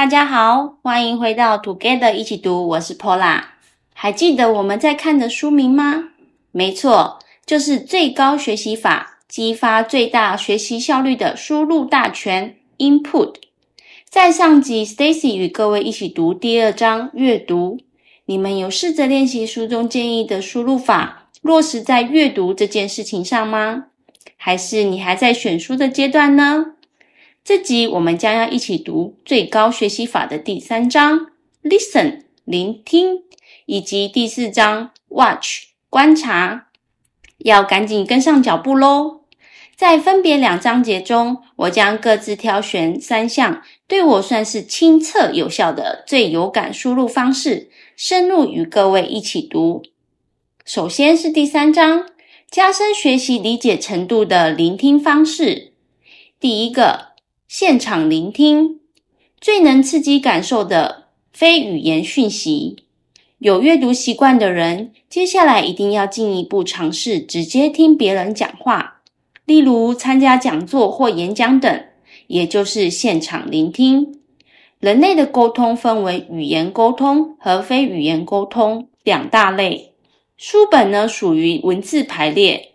大家好，歡迎回到 Together 一起讀，我是 Paula。還記得我們在看的書名嗎？沒錯，就是最高學習法，激發最大學習效率的輸入大全 Input。在上集 Stacy 與各位一起讀第二章閱讀，你們有試着練習書中建議的輸入法，落實在閱讀這件事情上嗎？還是你還在選書的階段呢？這集我們將要一起讀《最高學習法》的第三章 “Listen” 聆聽，以及第四章 “Watch” 觀察。要趕緊跟上腳步嘍！在分別兩章節中，我將各自挑選三項對我算是親測有效的最有感輸入方式，深入與各位一起讀。首先是第三章，加深學習理解程度的聆聽方式。第一個。現場聆聽最能刺激感受的非語言訊息。有閱讀習慣的人，接下來一定要進一步嘗試直接聽別人講話，例如參加講座或演講等，也就是現場聆聽。人類的溝通分為語言溝通和非語言溝通兩大類。書本呢，屬於文字排列。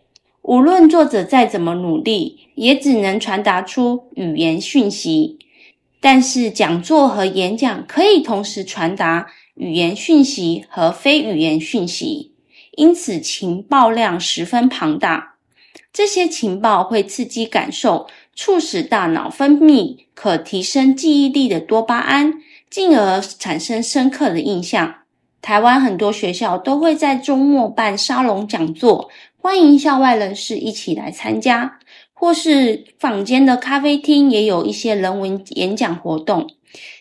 無論作者再怎麼努力，也只能傳達出語言訊息。但是，講座和演講可以同時傳達語言訊息和非語言訊息，因此情報量十分龐大。這些情報會刺激感受，促使大腦分泌可提升記憶力的多巴胺，進而產生深刻的印象。台灣很多學校都會在周末辦沙龍講座。歡迎校外人士一起來參加，或是坊間的咖啡廳也有一些人文演講活動。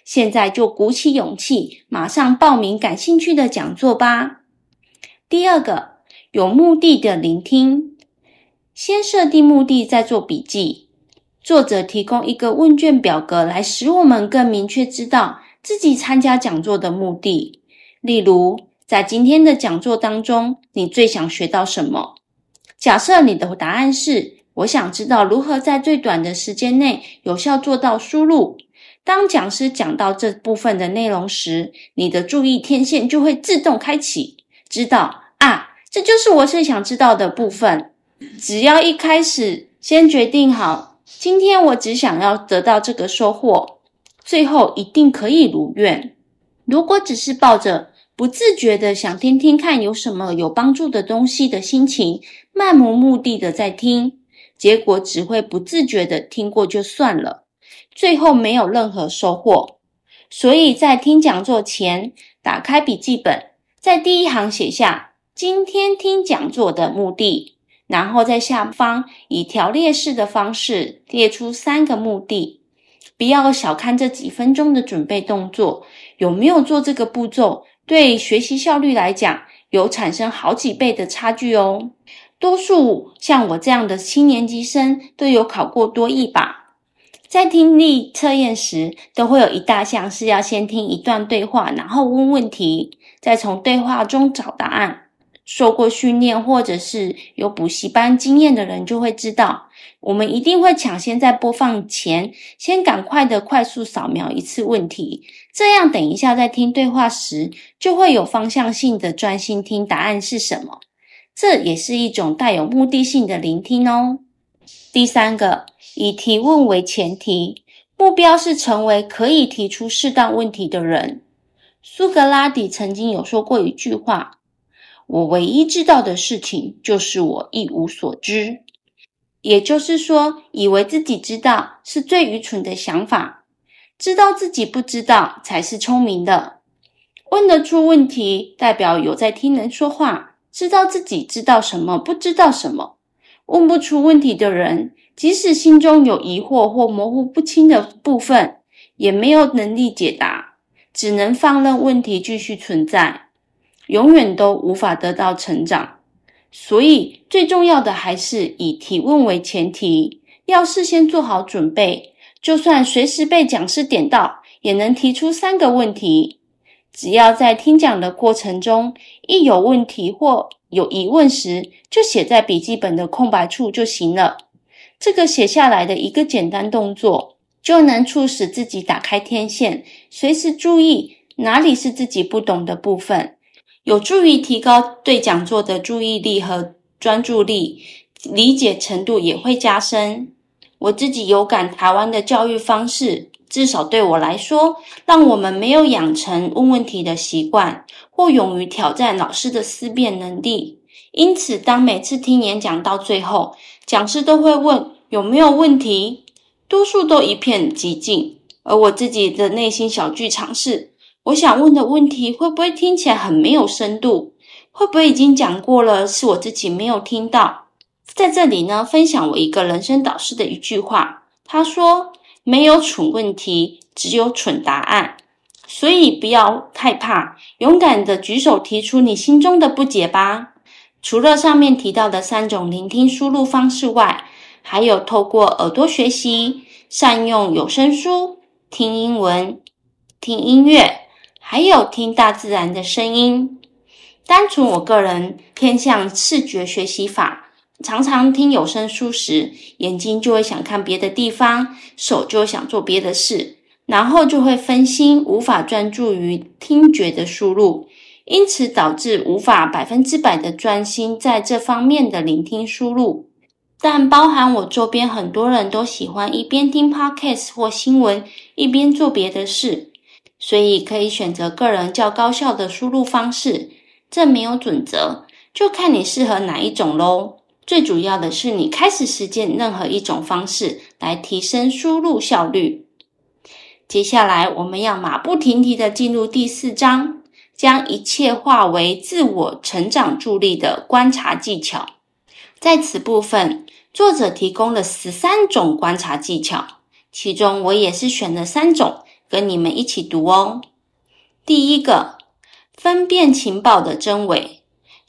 現在就鼓起勇氣，馬上報名感興趣的講座吧。第二個，有目的的聆聽，先設定目的再做筆記。作者提供一個問卷表格來使我們更明確知道自己參加講座的目的。例如，在今天的講座當中，你最想學到什麼？假設你的答案是，我想知道如何在最短的時間內有效做到輸入。當講師講到這部分的內容時，你的注意天線就會自動開啟，知道啊，這就是我最想知道的部分。只要一開始先決定好，今天我只想要得到這個收穫，最後一定可以如願。如果只是抱着，不自覺的想聽聽看有什麼有幫助的東西的心情，漫無目的的在聽，結果只會不自覺的聽過就算了，最後沒有任何收穫。所以在聽講座前，打開筆記本，在第一行寫下今天聽講座的目的，然後在下方以條列式的方式列出三個目的。不要小看這幾分鐘的準備動作，有沒有做這個步驟？對學習效率來講，有產生好幾倍的差距哦。多數像我這樣的七年級生都有考過多益吧。在聽力測驗時，都會有一大項是要先聽一段對話，然後問問題，再從對話中找答案。受過訓練或者是有補習班經驗的人就會知道，我們一定會搶先在播放前，先趕快的快速掃描一次問題，這樣等一下在聽對話時，就會有方向性的專心聽答案是什麼。這也是一種帶有目的性的聆聽哦。第三個，以提問為前提，目標是成為可以提出適當問題的人。蘇格拉底曾經有說過一句話。我唯一知道的事情就是我一無所知，也就是說，以為自己知道是最愚蠢的想法。知道自己不知道才是聰明的。問得出問題，代表有在聽人說話；知道自己知道什麼，不知道什麼。問不出問題的人，即使心中有疑惑或模糊不清的部分，也沒有能力解答，只能放任問題繼續存在。永遠都無法得到成長，所以最重要的還是以提問為前提，要事先做好準備。就算隨時被講師點到，也能提出三個問題。只要在聽講的過程中，一有問題或有疑問時，就寫在筆記本的空白處就行了。這個寫下來的一個簡單動作，就能促使自己打開天線，隨時注意哪裡是自己不懂的部分。有助於提高對講座的注意力和專注力，理解程度也會加深。我自己有感，台灣的教育方式至少對我來說，讓我們沒有養成問問題的習慣，或勇於挑戰老師的思辨能力。因此，當每次聽演講到最後，講師都會問：「有沒有問題？」多數都一片寂靜，而我自己的內心小劇場是，我想問的問題會不會聽起來很沒有深度？會不會已經講過了？是我自己沒有聽到？在這裡呢，分享我一個人生導師的一句話，他說：“沒有蠢問題，只有蠢答案。”所以不要害怕，勇敢的舉手提出你心中的不解吧。除了上面提到的三種聆聽輸入方式外，還有透過耳朵學習，善用有聲書、聽英文、聽音樂。還有聽大自然的聲音。單純我個人偏向視覺學習法，常常聽有聲書時，眼睛就會想看別的地方，手就想做別的事，然後就會分心，無法專注於聽覺的輸入，因此導致無法百分之百的專心在這方面的聆聽輸入。但包含我周邊很多人都喜歡一邊聽 podcast 或新聞，一邊做別的事。所以可以選擇個人較高效的輸入方式，這沒有準則，就看你適合哪一種嘍。最主要的是你開始實踐任何一種方式，來提升輸入效率。接下來我們要馬不停蹄地進入第四章，將一切化為自我成長助力的觀察技巧。在此部分，作者提供了十三種觀察技巧，其中我也是選了三種。跟你們一起讀哦。第一個，分辨情報的真偽，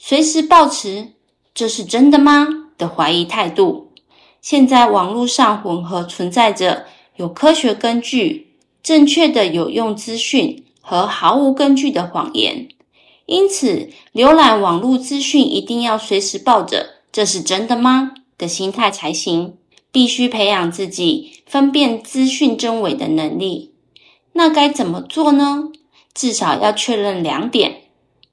隨時保持“這是真的嗎”的懷疑態度。現在網絡上混合存在着有科學根據、正確的有用資訊和毫無根據的謊言，因此瀏覽網絡資訊一定要隨時抱着“這是真的嗎”的心態才行。必須培養自己分辨資訊真偽的能力。那該怎麼做呢？至少要確認兩點：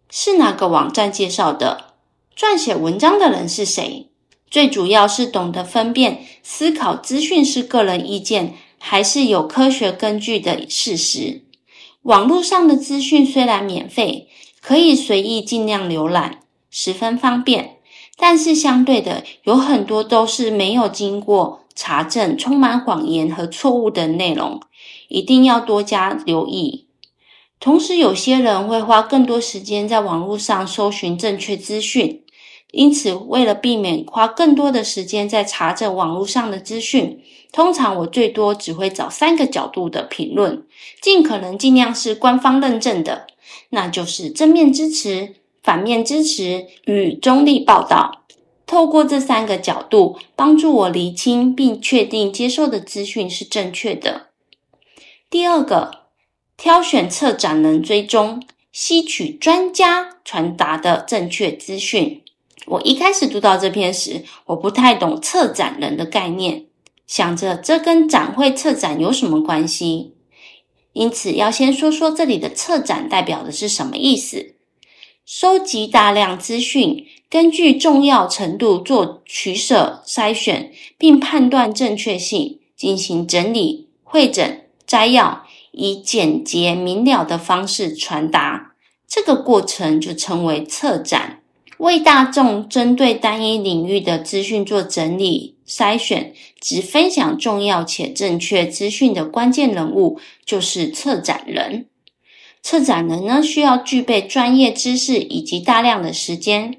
是哪個網站介紹的，撰寫文章的人是誰？最主要是懂得分辨，思考資訊是個人意見還是有科學根據的事實。網絡上的資訊雖然免費，可以隨意、盡量瀏覽，十分方便，但是相對的，有很多都是沒有經過查證充滿謊言和錯誤的內容，一定要多加留意。同時，有些人會花更多時間在網絡上搜尋正確資訊，因此為了避免花更多的時間在查證網絡上的資訊，通常我最多只會找三個角度的評論，盡可能盡量是官方認證的，那就是正面支持、反面支持與中立報導。透過這三個角度，幫助我釐清並確定接受的資訊是正確的。第二個，挑選策展人追蹤，吸取專家傳達的正確資訊。我一開始讀到這篇時，我不太懂策展人的概念，想着這跟展會策展有什麼關係。因此，要先說說這裡的策展代表的是什麼意思。收集大量資訊。根據重要程度做取捨、篩選，並判斷正確性，進行整理、匯整、摘要，以簡潔明了的方式傳達。這個過程就稱為策展。為大眾針對單一領域的資訊做整理、篩選，只分享重要且正確資訊的關鍵人物，就是策展人。策展人呢，需要具備專業知識以及大量的時間。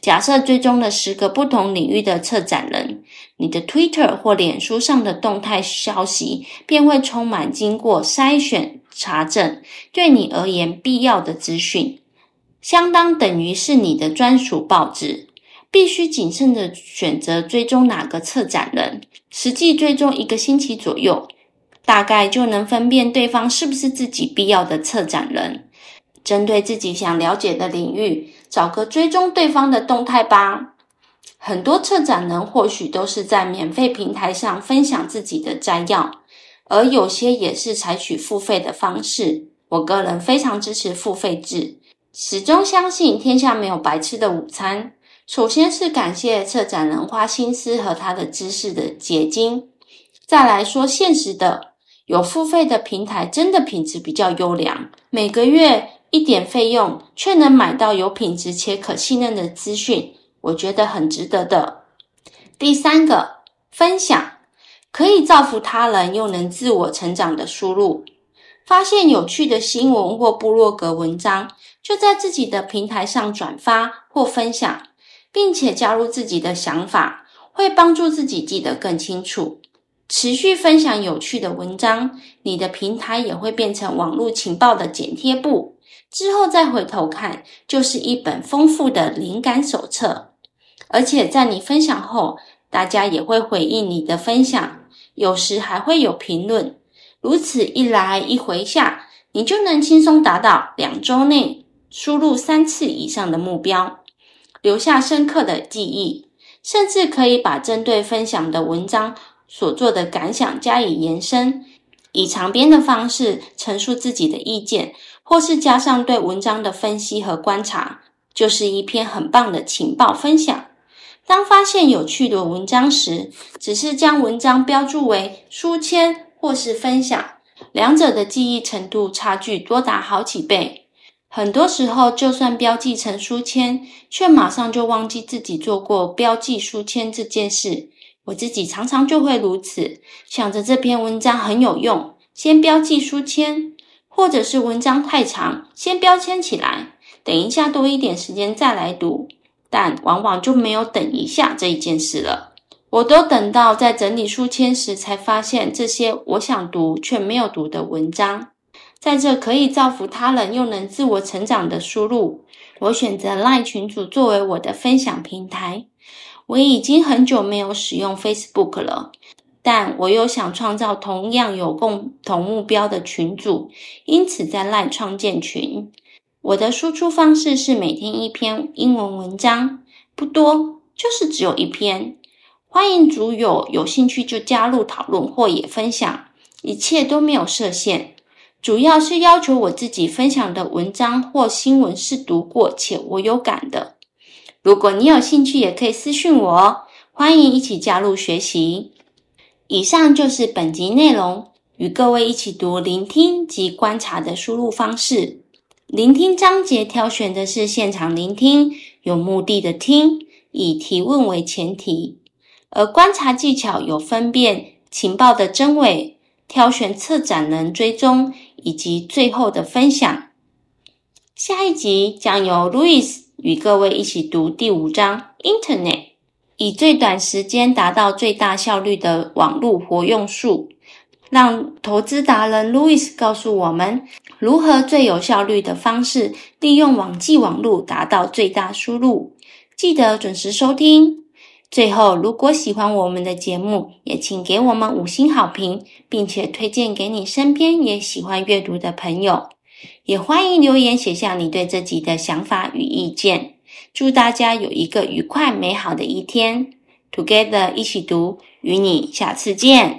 假設追蹤了十個不同領域的策展人，你的 Twitter 或臉書上的動態消息便會充滿經過篩選、查證，對你而言必要的資訊，相當等於是你的專屬報紙。必須謹慎地選擇追蹤哪個策展人，實際追蹤一個星期左右，大概就能分辨對方是不是自己必要的策展人。針對自己想了解的領域。找個追蹤對方的動態吧。很多策展人或許都是在免費平台上分享自己的摘要，而有些也是採取付費的方式。我個人非常支持付費制，始終相信天下沒有白吃的午餐。首先是感謝策展人花心思和他的知識的結晶。再來說現實的，有付費的平台真的品質比較優良，每個月。一點費用，卻能買到有品質且可信任的資訊，我覺得很值得的。第三個，分享可以造福他人，又能自我成長的輸入。發現有趣的新聞或部落格文章，就在自己的平台上轉發或分享，並且加入自己的想法，會幫助自己記得更清楚。持續分享有趣的文章，你的平台也會變成網絡情報的剪貼簿。之後再回頭看，就是一本豐富的靈感手冊。而且在你分享後，大家也會回應你的分享，有時還會有評論。如此一來一回下，你就能輕鬆達到兩周內輸入三次以上的目標，留下深刻的記憶。甚至可以把針對分享的文章所做的感想加以延伸，以長篇的方式陳述自己的意見。或是加上對文章的分析和觀察，就是一篇很棒的情報分享。當發現有趣的文章時，只是將文章標注為書籤或是分享，兩者的記憶程度差距多達好幾倍。很多時候，就算標記成書籤，卻馬上就忘記自己做過標記書籤這件事。我自己常常就會如此，想着這篇文章很有用，先標記書籤。或者是文章太長，先標籤起來，等一下多一點時間再來讀。但往往就沒有等一下這一件事了。我都等到在整理書籤時，才發現這些我想讀卻沒有讀的文章。在這可以造福他人又能自我成長的輸入，我選擇 LINE 群組作為我的分享平台。我已經很久沒有使用 Facebook 了。但我又想創造同樣有共同目標的群組，因此在 Line 創建群。我的輸出方式是每天一篇英文文章，不多，就是只有一篇。歡迎組友有興趣就加入討論或也分享，一切都沒有設限，主要是要求我自己分享的文章或新聞是讀過且我有感的。如果你有興趣，也可以私訊我哦，歡迎一起加入學習。以上就是本集內容，與各位一起讀、聆聽及觀察的輸入方式。聆聽章節挑選的是現場聆聽，有目的的聽，以提問為前提；而觀察技巧有分辨情報的真偽、挑選策展人、追蹤以及最後的分享。下一集將由 Lewis 與各位一起讀第五章 Internet。以最短時間達到最大效率的網路活用術，讓投資達人 Lewis 告訴我們如何最有效率的方式利用網際網路達到最大輸入。記得準時收聽。最後，如果喜歡我們的節目，也請給我們五星好評，並且推薦給你身邊也喜歡閱讀的朋友。也歡迎留言寫下你對這集的想法與意見。祝大家有一個愉快美好的一天，Together 一起讀，與你下次見。